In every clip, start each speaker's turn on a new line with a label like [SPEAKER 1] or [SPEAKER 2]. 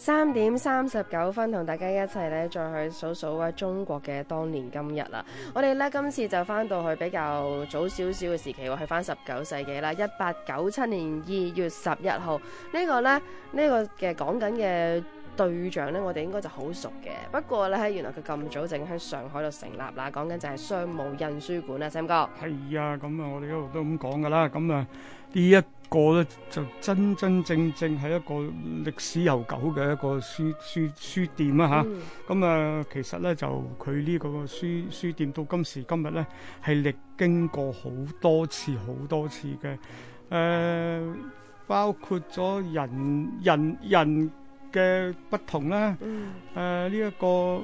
[SPEAKER 1] 三點三十九分，同大家一齊呢，再去數數啊。中國嘅當年今日啦。我哋呢，今次就翻到去比較早少少嘅時期，話去翻十九世紀啦，一八九七年二月十一號呢個呢，呢、呢個嘅講緊嘅對象呢，我哋應該就好熟嘅。不過呢，原來佢咁早正喺上海度成立啦，講緊就係商務印書館啦，Sam 哥。係啊，咁啊，我哋一路都咁講噶啦，咁啊呢
[SPEAKER 2] 一。個咧就真真正正係一個歷史悠久嘅一個書書書店啦。吓、啊，咁啊、嗯嗯、其實咧就佢呢個書書店到今時今日咧係歷經過好多次好多次嘅，誒、呃、包括咗人人人嘅不同啦，誒呢一個。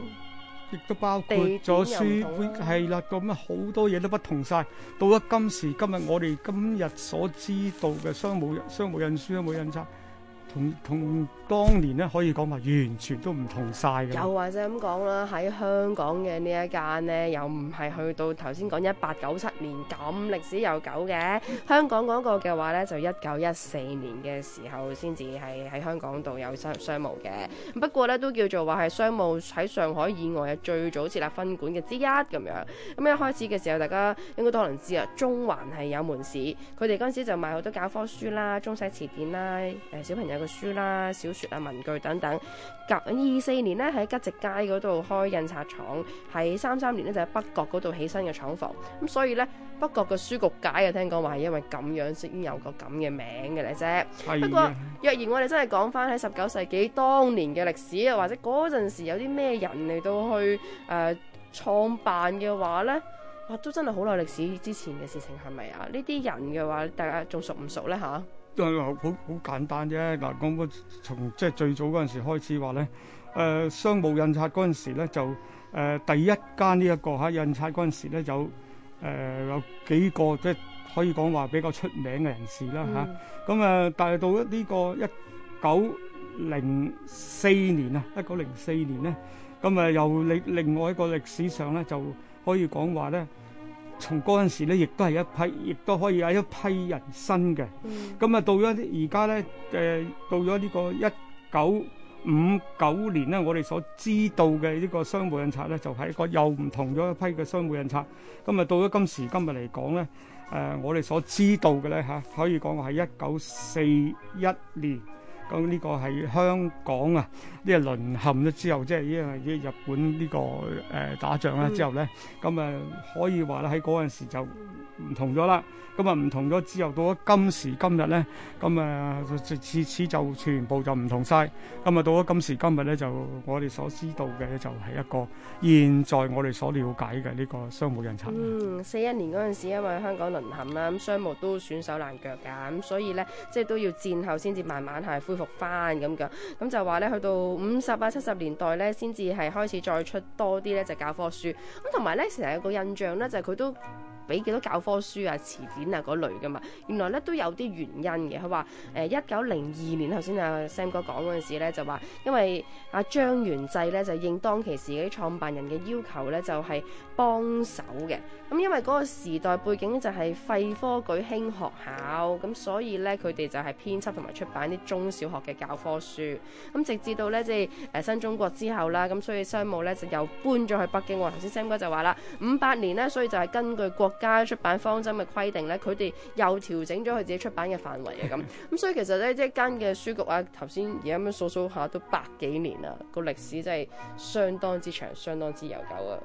[SPEAKER 2] 亦都包括咗書本，係啦，咁啊好多嘢都不同晒。到咗今時今日，我哋今日所知道嘅商務商務印書、商務印刷。同同當年咧，可以講話完全都唔同晒嘅。又
[SPEAKER 1] 或者咁講啦，喺香港嘅呢一間咧，又唔係去到頭先講一八九七年咁歷史悠久嘅。香港嗰個嘅話咧，就一九一四年嘅時候先至係喺香港度有商商務嘅。不過咧都叫做話係商務喺上海以外嘅最早設立分館嘅之一咁樣，咁一開始嘅時候，大家應該都能知啊，中環係有門市，佢哋嗰陣時就賣好多教科書啦、中西詞典啦、誒、呃、小朋友書啦、啊、小說啊、文具等等。隔二四年呢，喺吉席街嗰度開印刷廠；喺三三年呢，就喺、是、北角嗰度起新嘅廠房。咁所以呢，北角嘅書局街啊，聽講話係因為咁樣先有個咁嘅名嘅咧啫。的不過若然我哋真係講返喺十九世紀當年嘅歷史，或者嗰陣時有啲咩人嚟到去誒創、呃、辦嘅話呢，哇，都真係好耐歷史之前嘅事情係咪啊？呢啲人嘅話，大家仲熟唔熟呢？吓、啊？
[SPEAKER 2] 就好好簡單啫嗱，咁、呃、我從即係最早嗰陣時開始話咧，誒、呃、商務印刷嗰陣時咧就誒第一間呢、這、一個嚇、啊、印刷嗰陣時咧有誒有幾個即係可以講話比較出名嘅人士啦嚇，咁、嗯、啊，但係到咗呢個一九零四年啊，一九零四年咧，咁啊由另另外一個歷史上咧就可以講話咧。從嗰陣時咧，亦都係一批，亦都可以有一批人新嘅。咁啊、呃，到咗而家咧，誒，到咗呢個一九五九年咧，我哋所知道嘅呢個商務印刷咧，就係、是、一個又唔同咗一批嘅商務印刷。咁啊，到咗今時今日嚟講咧，誒、呃，我哋所知道嘅咧嚇，可以講係一九四一年。咁呢個係香港啊，呢個淪陷咗之後，即係因為啲日本呢個誒打仗啦之後咧，咁誒可以話咧喺嗰陣時就唔同咗啦，咁啊唔同咗之後到咗今時今日咧，咁啊自此就全部就唔同曬，咁啊到咗今時今日咧就我哋所知道嘅咧就係一個現在我哋所瞭解嘅呢個商務印書館。嗯，
[SPEAKER 1] 四一年嗰陣時因為香港淪陷啦，咁商務都損手爛腳㗎，咁所以咧即係都要戰後先至慢慢係恢。復翻咁嘅咁就話咧，去到五十啊七十年代咧，先至係開始再出多啲咧就教科書，咁同埋咧成日有個印象咧就係佢都。 俾幾多教科書啊、詞典啊嗰類嘅嘛，原來咧都有啲原因嘅。佢話誒一九零二年，頭先阿 Sam 哥講嗰陣時咧，就話因為阿張元濟咧就應當其時嗰啲創辦人嘅要求咧，就係幫手嘅。咁因為嗰個時代背景就係廢科舉、興學校，咁所以咧佢哋就係編輯同埋出版啲中小學嘅教科書。咁直至到咧即係誒新中國之後啦，咁所以商務咧就又搬咗去北京。我頭先 Sam 哥就話啦，五八年呢，所以就係根據國加出版方針嘅規定咧，佢哋又調整咗佢自己出版嘅範圍啊！咁咁 所以其實咧，一間嘅書局啊，頭先而家咁數數下都百幾年啦，個歷史真係相當之長，相當之悠久啊！